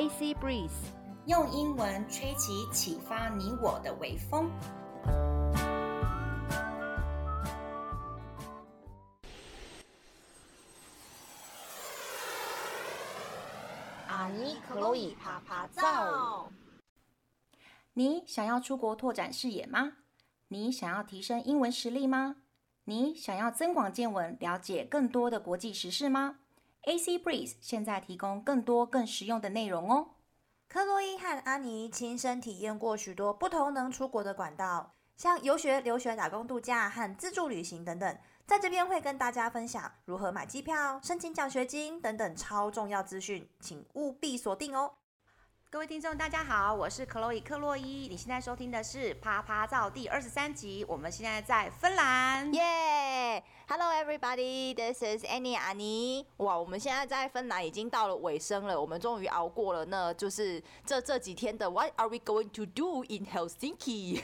AC Breeze，用英文吹起，啟發你我的微風。阿尼克洛伊趴趴造，你想要出國拓展視野嗎？你想要提升英文實力嗎？你想要增廣見聞，了解更多的國際時事嗎？AC Breeze 現在提供更多更實用的內容哦。克洛伊和阿尼親身體驗過許多不同能出國的管道，像遊學、留學、打工度假和自助旅行等等，在這邊會跟大家分享如何買機票、申請獎學金等等超重要資訊，請務必鎖定哦。各位聽眾，大家好，我是克洛伊，克洛伊。你現在收聽的是《趴趴造》第二十三集。我們現在在芬蘭，耶、yeah.！Hello everybody，this is Annie 阿尼。哇，我們現在在芬蘭已經到了尾聲了，我們終於熬過了，那就是這這幾天的。What are we going to do in Helsinki？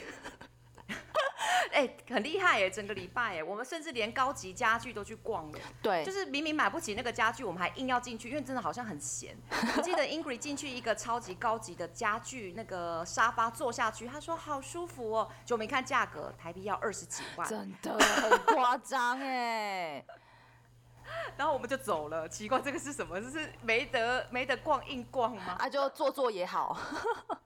哎、欸，很厲害哎、欸，整個禮拜哎、欸，我們甚至連高級家具都去逛了。對，就是明明買不起那個家具，我們還硬要進去，因為真的好像很閒。我記得 Ingrid 進去一個超級高級的家具，那個沙發坐下去，他說好舒服哦、喔，就沒看價格，台幣要二十幾萬，真的很誇張哎。 然後我們就走了，奇怪這個是什麼？就是沒得沒得逛硬逛嗎？啊，就坐坐也好。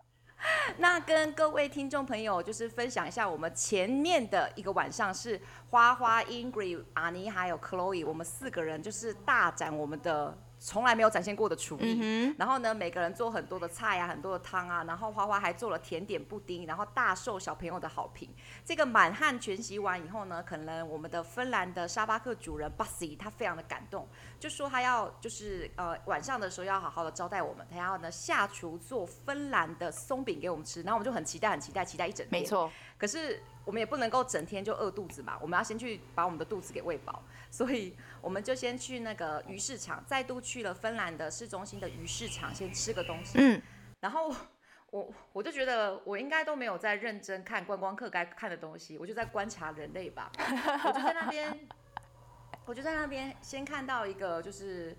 那跟各位聽眾朋友就是分享一下，我們前面的一個晚上是花花、Ingrid、阿尼還有 Chloe，我們四個人就是大展我們的從來沒有展現過的廚藝。嗯、哼然後呢，每個人做很多的菜啊，很多的湯啊，然後花花還做了甜點布丁，然後大受小朋友的好評。這個滿漢全席完以後呢，可能我們的芬蘭的沙巴克主人 Pasi 他非常的感動。就說他要就是呃晚上的時候要好好的招待我們，他要呢下廚做芬蘭的鬆餅給我們吃，然後我們就很期待很期待期待一整天，沒錯，可是我們也不能夠整天就餓肚子嘛，我們要先去把我們的肚子給餵飽，所以我們就先去那個魚市場，再度去了芬蘭的市中心的魚市場先吃個東西，嗯，然後我我就覺得我應該都沒有在認真看觀光客該看的東西，我就在觀察人類吧， 我就在那邊。我就在那邊先看到一個，就是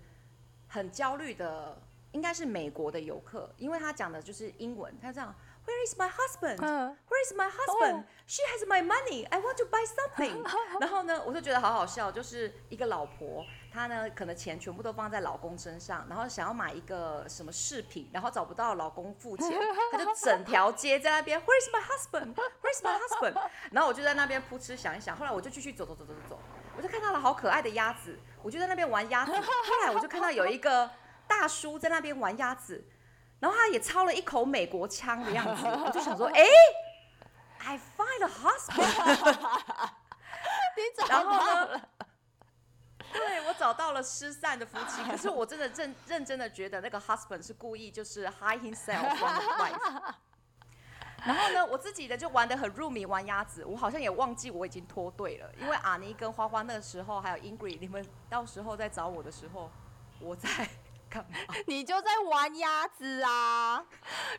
很焦慮的，應該是美國的遊客，因為他講的就是英文。他這樣，Where is my husband? Where is my husband? She has my money. I want to buy something. 然後呢，我就覺得好好笑，就是一個老婆，她呢可能錢全部都放在老公身上，然後想要買一個什麼飾品，然後找不到老公付錢，她就整條街在那邊 Where is my husband? Where is my husband? 然後我就在那邊撲哧想一想，後來我就繼續走走走走走走。我就看到了好可愛的鴨子，我就在那邊玩鴨子。後來我就看到有一個大叔在那邊玩鴨子，然後他也操了一口美國腔的樣子，我就想說：“欸，I find a husband。 ”然後呢，對，我找到了失散的夫妻。可是我真的認認真的覺得那個 husband 是故意就是 hide himself from his wife。 然後呢，我自己的就玩得很入迷，玩鴨子，我好像也忘記我已經脫隊了，因為阿尼跟花花那個時候，還有 Ingrid，你們到時候再找我的時候，我在。你就在玩鴨子啊，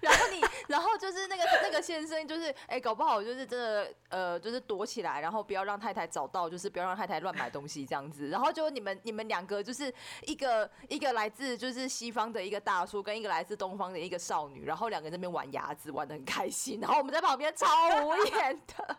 然後你，然後就是那個 那個先生，就是哎、欸，搞不好就是真的，呃，就是躲起來，然後不要讓太太找到，就是不要讓太太亂買東西這樣子。然後就你們你們兩個，就是一個一個來自就是西方的一個大叔，跟一個來自東方的一個少女，然後兩個人在那邊玩鴨子，玩得很開心。然後我們在旁邊超無言的，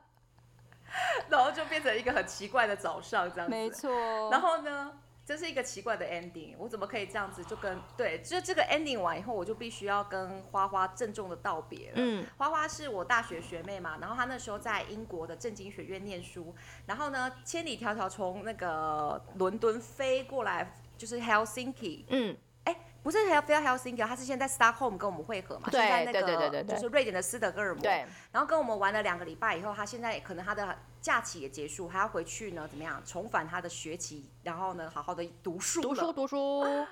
然後就變成一個很奇怪的早上這樣子。沒錯。然後呢？這是一個奇怪的 ending，我怎麼可以這樣子就跟對，就這個 ending 完以後，我就必須要跟花花鄭重的道別了。嗯，花花是我大學學妹嘛，然後她那時候在英國的政經學院念書，然後呢，千里迢迢，迢從那個倫敦飛過來，就是 Helsinki。嗯，哎，不是飛到 Helsinki，它是現在，在 Stockholm 跟我們會合嘛？對，現在、那個、對對對，對就是瑞典的斯德哥爾摩。對，然後跟我們玩了兩個禮拜以後，她現在可能她的。假期也結束，還要回去呢？怎麼樣？重返他的學習，然後呢，好好的讀書，讀書，讀書、啊。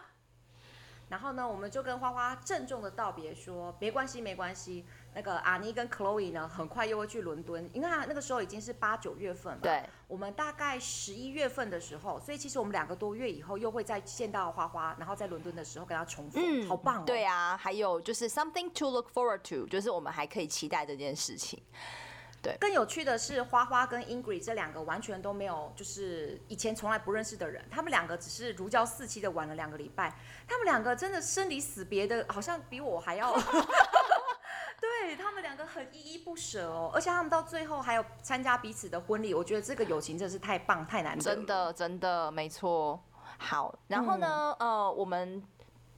然後呢，我們就跟花花鄭重的道別，說沒關係，沒關係。那個阿尼跟 Chloe 呢，很快又會去倫敦，因為那個時候已經是八九月份嘛。對。我們大概十一月份的時候，所以其實我們兩個多月以後又會再見到花花，然後在倫敦的時候跟他重複。嗯、好棒、哦。對啊，還有就是 something to look forward to，就是我們還可以期待這件事情。對更有趣的是，花花跟 Ingrid 這兩個完全都沒有，就是以前從來不認識的人，他們兩個只是如膠似漆的玩了兩個禮拜，他們兩個真的生離死別的好像比我還要， 對他們兩個很依依不捨哦，而且他們到最後還有參加彼此的婚禮，我覺得這個友情真的是太棒太難得，真的真的沒錯。好，然後呢，嗯、呃，我們。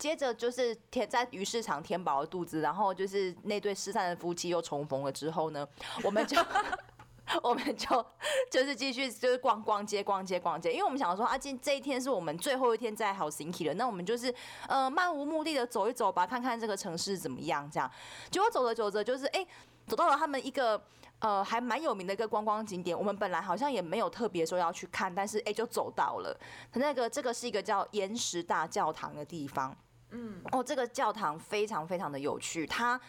接着就是填在魚市場填飽了肚子，然後就是那對失散的夫妻又重逢了之後呢，我們就 我們就就是繼續就是逛逛街逛街逛街，因為我們想說啊，今這一天是我們最後一天在 Helsinki 了，那我們就是呃漫無目的的走一走吧，看看這個城市怎麼樣這樣。結果走着走着就是哎、欸，走到了他們一個呃還蠻有名的一個觀光景點。我們本來好像也沒有特別說要去看，但是哎、欸、就走到了，它那個這個是一個叫岩石大教堂的地方。嗯，哦，這個教堂非常非常的有趣，它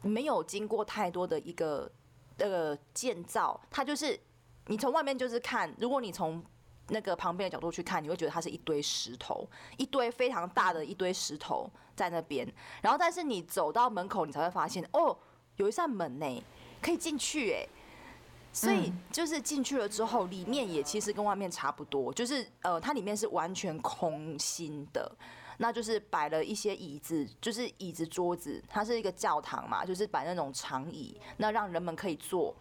沒有經過太多的一個那個、呃、建造，它就是你從外面就是看，如果你從那個旁邊的角度去看，你會覺得它是一堆石頭，一堆非常大的一堆石頭在那邊，然後但是你走到門口，你才會發現哦，有一扇門呢，可以進去哎，所以就是進去了之後，裡面也其實跟外面差不多，就是呃，它裡面是完全空心的。那就是擺了一些椅子，就是椅子桌子，它是一個教堂嘛，就是擺那種長椅，那讓人們可以坐。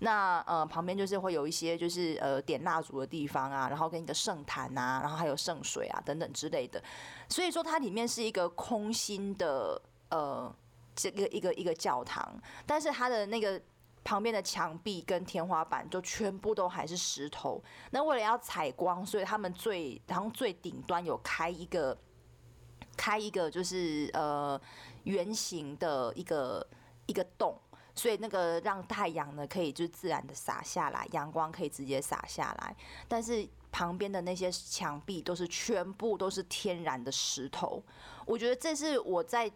那呃旁邊就是會有一些就是呃點蠟燭的地方啊，然後跟一個聖壇啊，然後還有聖水啊等等之類的。所以說它裡面是一個空心的呃這個一個一個教堂，但是它的那個旁邊的牆壁跟天花板就全部都還是石頭。那為了要採光，所以他們最然後最頂端有開一個。開一個就是呃圓形的一個一個洞，所以那個讓太陽呢可以就自然的灑下來，陽光可以直接灑下來。但是旁邊的那些牆壁都是全部都是天然的石頭，我覺得這是我在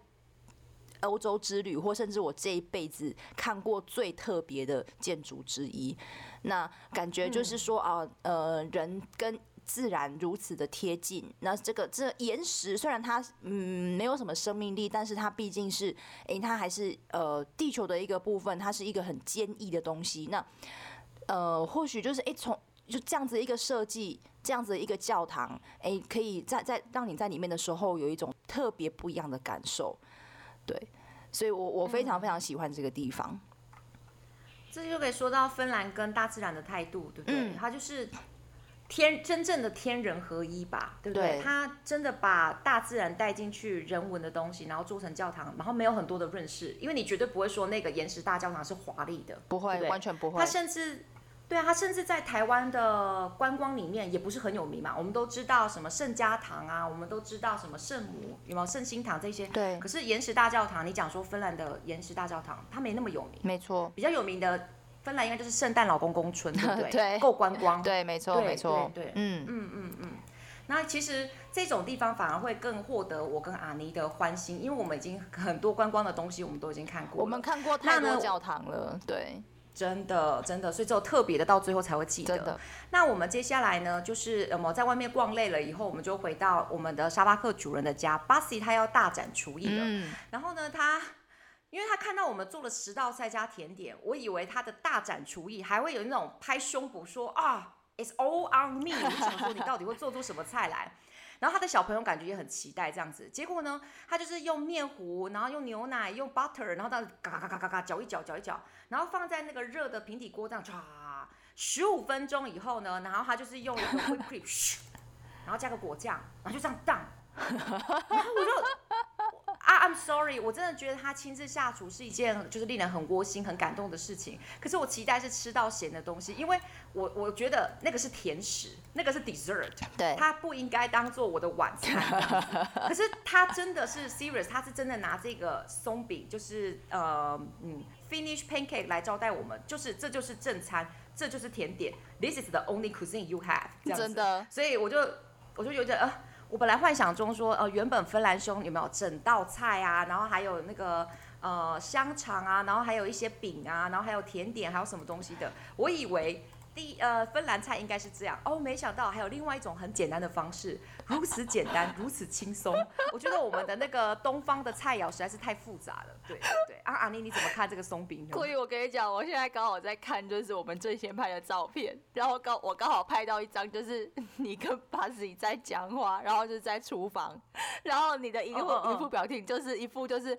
歐洲之旅或甚至我這一輩子看過最特別的建築之一。那感覺就是說啊，呃，呃，人跟。自然如此的貼近，那這個這岩石雖然它嗯沒有什麼生命力，但是它畢竟是誒、欸，它還是呃地球的一個部分，它是一個很堅毅的東西。那呃，或許就是一從、欸、就這樣子一個設計，這樣子一個教堂，誒、欸，可以在在讓你在裡面的時候有一種特別不一樣的感受，對，所以我我非常非常喜歡這個地方。嗯、這就可以說到芬蘭跟大自然的態度，對不對？它、嗯、就是。天真正的天人合一吧，對不對？對。他真的把大自然帶進去，人文的東西，然後做成教堂，然後沒有很多的潤飾，因為你絕對不會說那個岩石大教堂是華麗的，不會，對不對？完全不會。他甚至，對啊，他甚至在台灣的觀光裡面也不是很有名嘛。我們都知道什麼聖家堂啊，我們都知道什麼聖母，有沒有聖心堂這些？對。可是岩石大教堂，你講說芬蘭的岩石大教堂，它沒那麼有名，沒錯。比較有名的。芬蘭應該就是聖誕老公公村，對不對？夠 對觀光。 對，沒錯，沒錯。對，嗯嗯嗯嗯。那其實這種地方反而會更獲得我跟阿尼的歡心，因為我們已經很多觀光的東西我們都已經看過，我們看過太多教堂了。呢對，真的真的，所以只有特別的到最後才會記得。的那我們接下來呢，就是呃，我們在外面逛累了以後，我們就回到我們的沙巴克主人的家，Pasi 他要大展廚藝了。嗯，然後呢，他。因為他看到我們做了十道菜加甜點，我以為他的大展廚藝還會有那種拍胸脯說啊，it's all on me。我就想說你到底會做出什麼菜來？ 然後他的小朋友感覺也很期待這樣子。結果呢，他就是用面糊，然後用牛奶，用 butter，然後這樣嘎嘎嘎嘎嘎攪一攪攪一攪，然後放在那個熱的平底鍋這樣唰，十五分鐘以後呢，然後他就是用一個 whipped cream，然後加個果醬，然後就這樣蕩，然後我就。 I'm sorry，我真的覺得他親自下廚是一件就是令人很窩心、很感動的事情。可是我期待是吃到鹹的東西，因為我我覺得那個是甜食，那個是 dessert，對，它不應該當做我的晚餐。 可是他真的是 serious，他是真的拿這個鬆餅，就是呃嗯，Finnish pancake 來招待我們，就是這就是正餐，這就是甜點。This is the only cuisine you have。這樣子，真的，所以我就我就有點啊。呃我本來幻想中說，呃，原本芬蘭兄有沒有整道菜啊？然後還有那個呃香腸啊，然後還有一些餅啊，然後還有甜點，還有什麼東西的？我以為。第一呃，芬蘭菜應該是這樣哦，沒想到還有另外一種很簡單的方式，如此簡單， 如此輕鬆。我覺得我們的那個東方的菜餚實在是太複雜了，對對對。阿、啊、阿尼，你怎麼看這個鬆餅呢？所以我跟你講，我現在剛好在看就是我們最先拍的照片，然後剛我剛好拍到一張，就是你跟 Pasi 在講話，然後就是在廚房，然後你的一個一副表情就是一副就是。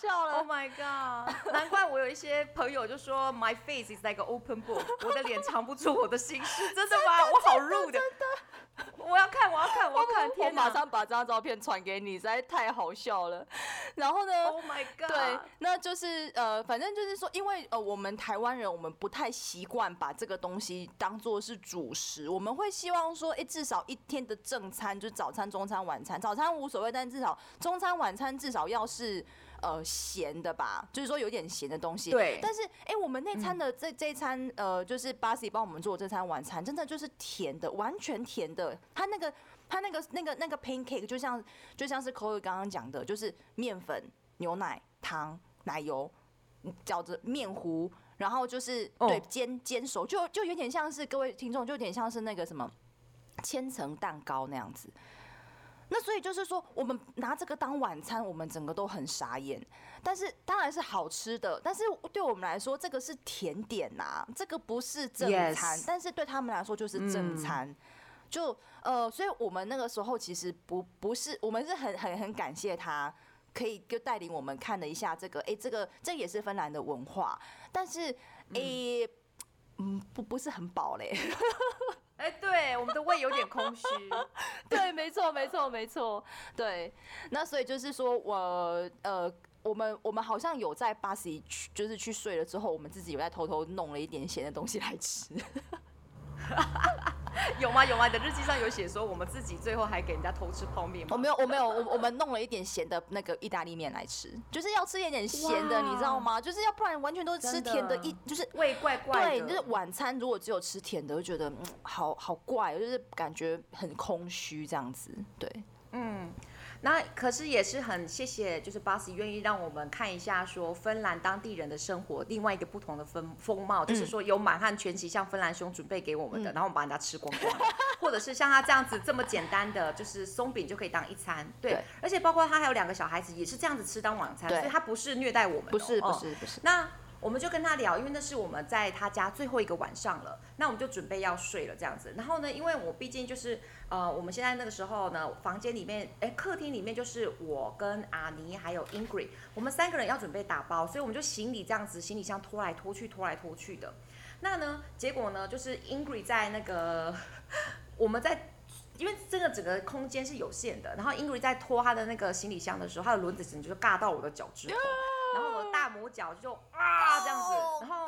笑了，Oh my god！ 難怪我有一些朋友就說 “My face is like a open book”， 我的臉藏不住我的心事，真的嗎？ 的我好入的，真的。真的 我要看，我要看，我要看，天哪，我馬上把這張照片傳給你，實在太好笑了。然後呢，Oh my god！對，那就是呃，反正就是說，因為呃，我們台灣人我們不太習慣把這個東西當做是主食，我們會希望說，哎、欸，至少一天的正餐就早餐、中餐、晚餐，早餐無所謂，但至少中餐、晚餐至少要是。呃，鹹的吧，就是說有點鹹的東西。對。但是，哎、欸，我們那餐的這這餐，呃，就是 Pasi 幫我們做這餐晚餐，真的就是甜的，完全甜的。它那個，它那個，那個，那個 pancake，就像，就像是 Chloe 剛剛講的，就是麵粉、牛奶、糖、奶油，攪著、麵糊，然後就是、哦、對煎煎熟，就就有點像是各位聽眾，就有點像是那個什麼千層蛋糕那樣子。那所以就是說，我們拿這個當晚餐，我們整個都很傻眼。但是當然是好吃的，但是對我們來說，這個是甜點啊，這個不是正餐。Yes. 但是對他們來說就是正餐。嗯、就呃，所以我們那個時候其實不不是，我們是很很很感謝他，可以就帶領我們看了一下這個，誒、欸，這個這個、也是芬蘭的文化。但是，欸、嗯，嗯，不不是很飽嘞。 哎，欸、對，我們的胃有點空虛， 對， 沒錯，沒錯，沒錯，對，那所以就是說我，呃，我們我們好像有在巴西，就是去睡了之後，我們自己有在偷偷弄了一點鹹的東西來吃。 有，嗎有嗎？有嗎？你的日記上有寫說我們自己最後還給人家偷吃泡麵嗎？我沒有，我沒有，我我們弄了一點鹹的那個意大利麵來吃，就是要吃一點鹹的，Wow. 你知道嗎？就是要不然完全都是吃甜的一，一的，就是味怪怪的。對，就是晚餐如果只有吃甜的，就覺得嗯，好好怪，就是感覺很空虛這樣子。對，嗯。那可是也是很謝謝，就是 Pasi 願意讓我們看一下，說芬蘭當地人的生活另外一個不同的風風貌，就是說有滿漢全席，像芬蘭兄準備給我們的，嗯、然後我們把人家吃光光， 或者是像他這樣子這麼簡單的，就是鬆餅就可以當一餐，對，對而且包括他還有兩個小孩子也是這樣子吃當晚餐，對所以他不是虐待我們的、哦不，不是不是、嗯、不是。那。我們就跟他聊，因為那是我們在他家最後一個晚上了，那我們就準備要睡了這樣子。然後呢，因為我畢竟就是呃，我們現在那個時候呢，房間裡面，哎，客廳裡面就是我跟阿尼還有 Ingrid，我們三個人要準備打包，所以我們就行李這樣子，行李箱拖來拖去，拖來拖去的。那呢，結果呢，就是 Ingrid 在那個我們在，因為這個整個空間是有限的，然後 Ingrid 在拖他的那個行李箱的時候，他的輪子只能就尬到我的腳趾頭，然後。大拇腳就啊這樣子，然後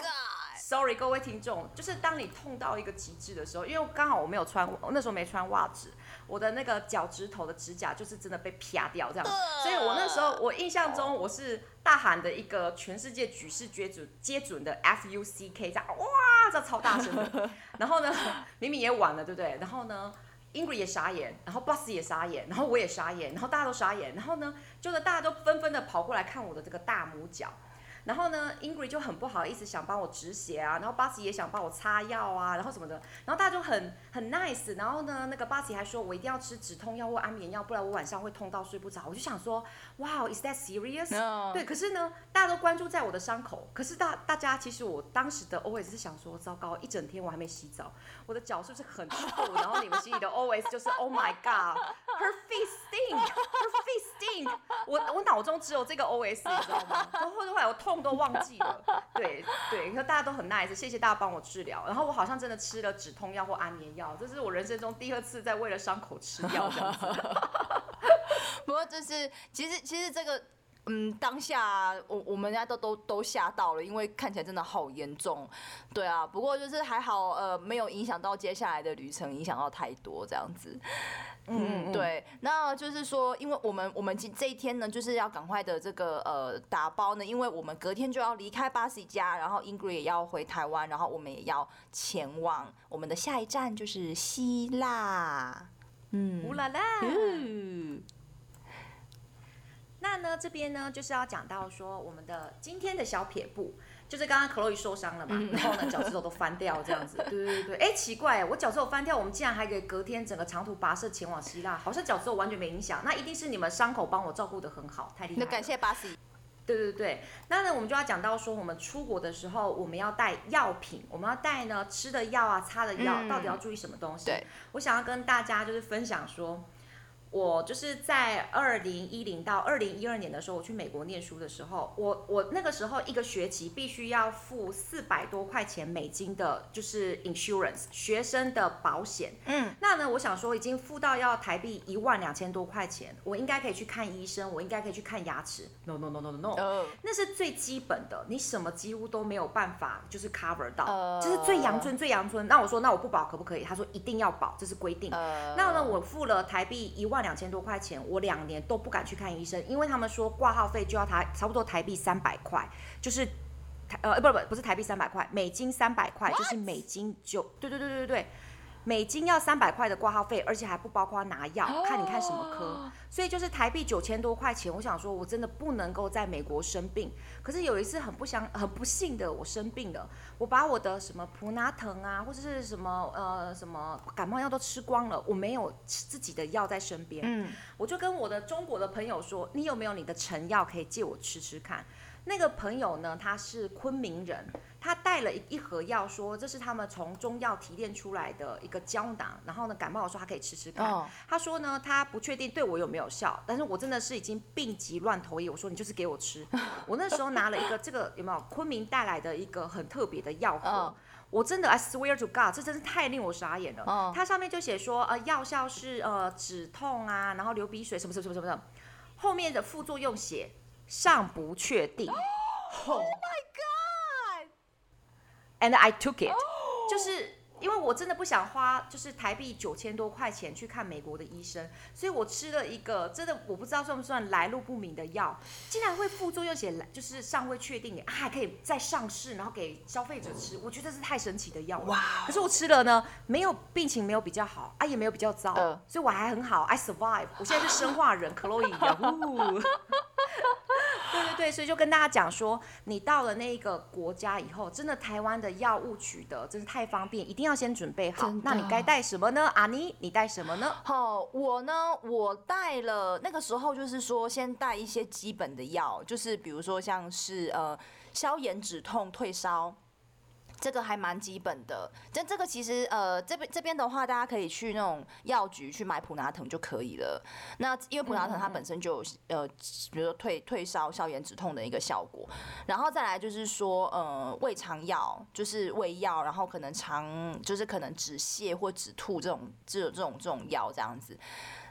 ，sorry 各位聽眾，就是當你痛到一個極致的時候，因為剛好我沒有穿，我那時候沒穿襪子，我的那個腳趾頭的指甲就是真的被劈掉這樣，所以我那時候我印象中我是大喊的一個全世界舉世皆準皆準的 f u c k 這樣，哇，這超大聲的，然後呢，明明也晚了，對不對？然後呢，Ingrid 也傻眼，然後 Pasi 也傻眼，然後我也傻眼，然後大家都傻眼，然後呢，就是大家都紛紛的跑過來看我的這個大拇腳。然後呢，Ingrid 就很不好意思，想幫我止血啊。然後 Pasi 也想幫我擦藥啊，然後什麼的。然後大家就很很 nice。然後呢，那個 Pasi 還說我一定要吃止痛藥或安眠藥，不然我晚上會痛到睡不着。我就想說，哇，Is that serious？No. 對，可是呢，大家都關注在我的傷口。可是大，大家其實我當時的 OS 是想說，糟糕，一整天我還沒洗澡，我的腳是不是很臭？ 然後你們心裡的 OS 就是 Oh my god，her feet stink,her feet stink, Her feet stink 我，我我腦中只有這個 OS，你知道嗎？然後後來我痛。痛 都忘記了，對對，你說大家都很 nice，謝謝大家幫我治療。然後我好像真的吃了止痛藥或安眠藥，這是我人生中第二次在為了傷口吃藥這樣子的。不過，就是其實其實這個。嗯，當下、啊、我我們家都都都嚇到了，因為看起來真的好嚴重，對啊，不過就是還好，呃，沒有影響到接下來的旅程，影響到太多這樣子，嗯，嗯嗯對，那就是說，因為我們我們今這一天呢，就是要趕快的這個呃打包呢，因為我們隔天就要離開 Pasi 家，然後 Ingrid 也要回台灣，然後我們也要前往我們的下一站就是希臘，嗯，烏拉拉。嗯那呢，這邊呢就是要講到說我們的今天的小撇步，就是剛剛克洛伊受傷了嘛，然後呢腳趾頭都翻掉這樣子。 對對對，哎、欸，奇怪，我腳趾頭翻掉，我們竟然還可以隔天整個長途跋涉前往希臘，好像腳趾頭完全沒影響。那一定是你們傷口幫我照顧得很好，太厲害了。感謝巴西。對對對，那呢我們就要講到說，我們出國的時候我們要帶藥品，我們要帶呢吃的藥啊、擦的藥，嗯、到底要注意什麼東西？對，我想要跟大家就是分享說。我就是在二零一零到二零一二年的時候，我去美國念書的時候，我我那個時候一個學期必須要付四百多塊錢美金的，就是 insurance 學生的保險。嗯。那呢，我想說已經付到要台幣一萬兩千多塊錢，我應該可以去看醫生，我應該可以去看牙齒。No no no no no no，Oh. 那是最基本的，你什麼幾乎都沒有辦法就是 cover 到，這、就是最陽春最陽春。Oh. 那我說那我不保可不可以？他說一定要保，這是規定。Oh. 那呢，我付了台幣一萬。兩千多塊錢，我兩年都不敢去看醫生，因為他們說掛號費就要他差不多台幣三百塊，就是台呃，不不，不是台幣三百塊，美金三百塊，就是美金九，對對對對對對。美金要三百塊的掛號費，而且還不包括拿藥，看你看什麼科，oh. 所以就是台幣九千多塊錢。我想說，我真的不能夠在美國生病。可是有一次很不想，很不幸的，我生病了，我把我的什麼普拿疼啊，或者是什麼呃什麼感冒藥都吃光了，我沒有吃自己的藥在身邊。Mm. 我就跟我的中國的朋友說：“你有沒有你的成藥可以借我吃吃看？”那個朋友呢，他是昆明人，他帶了一盒藥，說，這是他們從中藥提煉出來的一個膠囊，然後呢，感冒的時候他可以吃吃看。Oh. 他說呢，他不確定對我有沒有效，但是我真的是已經病急亂投醫。我說，你就是給我吃。 我那時候拿了一個這個，有沒有？昆明帶來的一個很特別的藥盒，oh. 我真的 I swear to God，這真是太令我傻眼了。它，oh. 上面就寫說，呃，藥效是呃止痛啊，然後流鼻水什麼什麼什麼什麼的，後面的副作用寫。尚不確定。Oh, oh my god! And I took it，、oh. 就是因為我真的不想花就是台幣九千多塊錢去看美國的醫生，所以我吃了一個真的我不知道算不算來路不明的藥，竟然會副作用寫來就是尚未確定啊，還可以再上市，然後給消費者吃，我覺得這是太神奇的藥了。哇！Oh. 可是我吃了呢，沒有病情沒有比較好，啊也沒有比較糟，uh. 所以我還很好，I survive。我現在是生化人，Chloe。對對對，所以就跟大家講說，你到了那個國家以後，真的台灣的藥物取得真是太方便，一定要先準備好。真的。那你該帶什麼呢？阿、啊、尼，你帶什麼呢？好，我呢，我帶了那個時候就是說，先帶一些基本的藥，就是比如說像是，呃消炎、止痛、退燒。這個還蠻基本的，但這個其實呃這邊這邊的話，大家可以去那種藥局去買普拿疼就可以了。那因為普拿疼它本身就有嗯嗯呃，比如說退退燒、消炎、止痛的一個效果。然後再來就是說呃胃腸藥，就是胃藥，然後可能腸就是可能止瀉或止吐這種這，這種這種藥這樣子。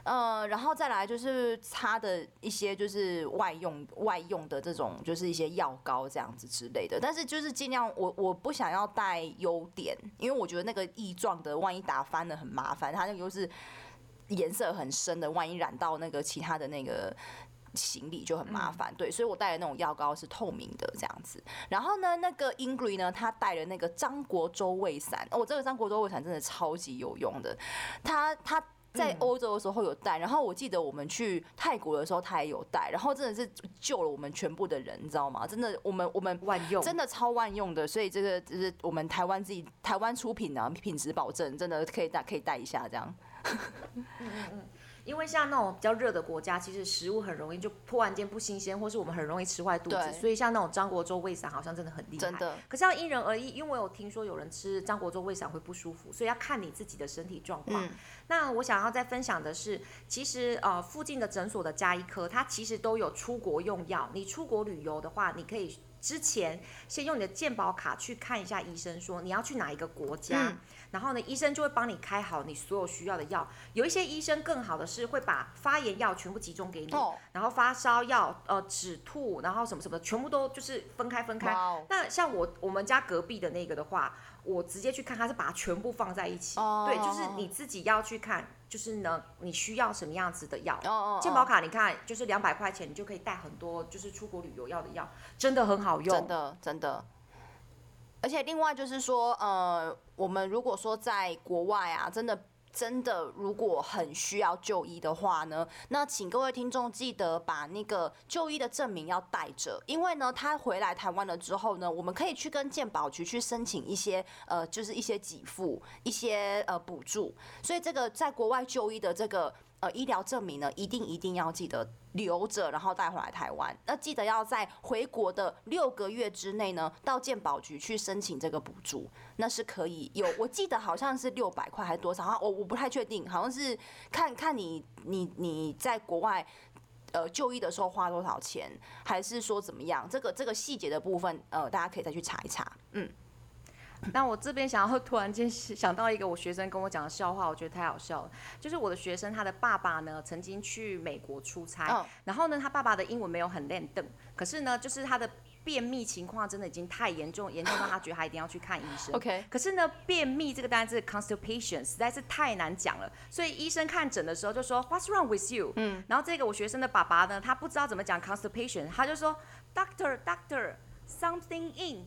呃，然後再來就是擦的一些，就是外用外用的這種就是一些藥膏這樣子之類的，但是就是儘量我我不想要帶優碘，因為我覺得那個液狀的萬一打翻了很麻煩，它那個又是顏色很深的，萬一染到那個其他的那個行李就很麻煩。嗯、對，所以我帶了那種藥膏是透明的這樣子。然後呢，那個 Ingrid 呢，他帶了那個張國周胃散，我、哦、這個張國周胃散真的超級有用的，他他。它在歐洲的時候有帶，然後我記得我們去泰國的時候他也有帶，然後真的是救了我們全部的人，你知道嗎？真的，我們我們萬用，真的超萬用的，所以這個就是我們台灣自己台灣出品，啊、品質保證，真的可以帶可以帶一下這樣。嗯因為像那種比較熱的國家，其實食物很容易就突然間不新鮮，或是我們很容易吃壞肚子。對所以像那種張國周胃散好像真的很厲害。真的可是要因人而異，因為我有聽說有人吃張國周胃散會不舒服，所以要看你自己的身體狀況。嗯、那我想要再分享的是，其實呃附近的診所的家醫科，它其實都有出國用藥。你出國旅遊的話，你可以之前先用你的健保卡去看一下醫生，說你要去哪一個國家。嗯然後呢，醫生就會幫你開好你所有需要的藥。有一些醫生更好的是會把發炎藥全部集中給你，Oh. 然後發燒藥、呃止吐，然後什麼什麼全部都就是分開分開。Wow. 那像我我們家隔壁的那個的話，我直接去看他是把它全部放在一起。Oh, 對，就是你自己要去看，就是呢你需要什麼樣子的藥。哦哦，健保卡你看，就是兩百塊錢你就可以帶很多，就是出國旅遊要的藥，真的很好用，真的真的。真的而且另外就是說，呃，我們如果說在國外啊，真的真的如果很需要就醫的話呢，那請各位聽眾記得把那個就醫的證明要帶着，因為呢，他回來台灣了之後呢，我們可以去跟健保局去申請一些呃，就是一些給付、一些呃補助，所以這個在國外就醫的這個。呃，醫療證明呢，一定一定要記得留着，然後帶回來台灣。那記得要在回國的六個月之內呢，到健保局去申請這個補助，那是可以有。我記得好像是六百塊，還是多少？我、啊哦、我不太確定，好像是看看你你你在國外呃就醫的時候花多少錢，還是說怎麼樣？這個這個細節的部分，呃，大家可以再去查一查，嗯。 那我這邊想要突然間想到一個我學生跟我講的笑話，我覺得太好笑了。就是我的學生他的爸爸呢，曾經去美國出差，oh. 然後呢，他爸爸的英文沒有很輪轉，可是呢，就是他的便秘情況真的已經太嚴重，嚴重到他覺得他一定要去看醫生。 OK。可是呢，便秘這個單字 constipation 實在是太難講了，所以醫生看診的時候就說 What's wrong with you？Mm. 然後這個我學生的爸爸呢，他不知道怎麼講 constipation，他就說 Do Doctor，Doctor，something in。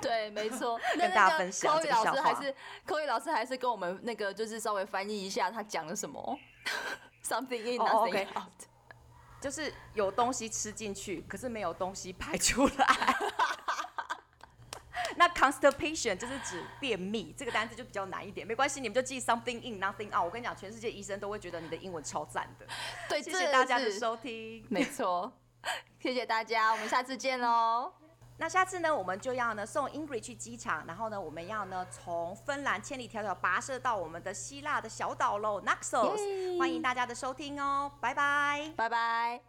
對，沒錯。跟 大家分享這個小老師還是科偉老師還是跟我們那個就是稍微翻譯一下他講了什麼。 something in, nothing、oh, okay. out。就是有東西吃進去，可是沒有東西排出來。 那 constipation 就是指便秘，這個單字就比較難一點，沒關係，你們就記 something in, nothing out。我跟你講，全世界醫生都會覺得你的英文超讚的。對，謝謝大家的收聽。沒錯， 謝謝大家，我們下次見嘍。那下次呢，我們就要呢送 Ingrid 去機場，然後呢，我們要呢從芬蘭千里迢迢跋涉到我們的希臘的小島嘍，Naxos。Yay. 歡迎大家的收聽哦，拜拜，拜拜。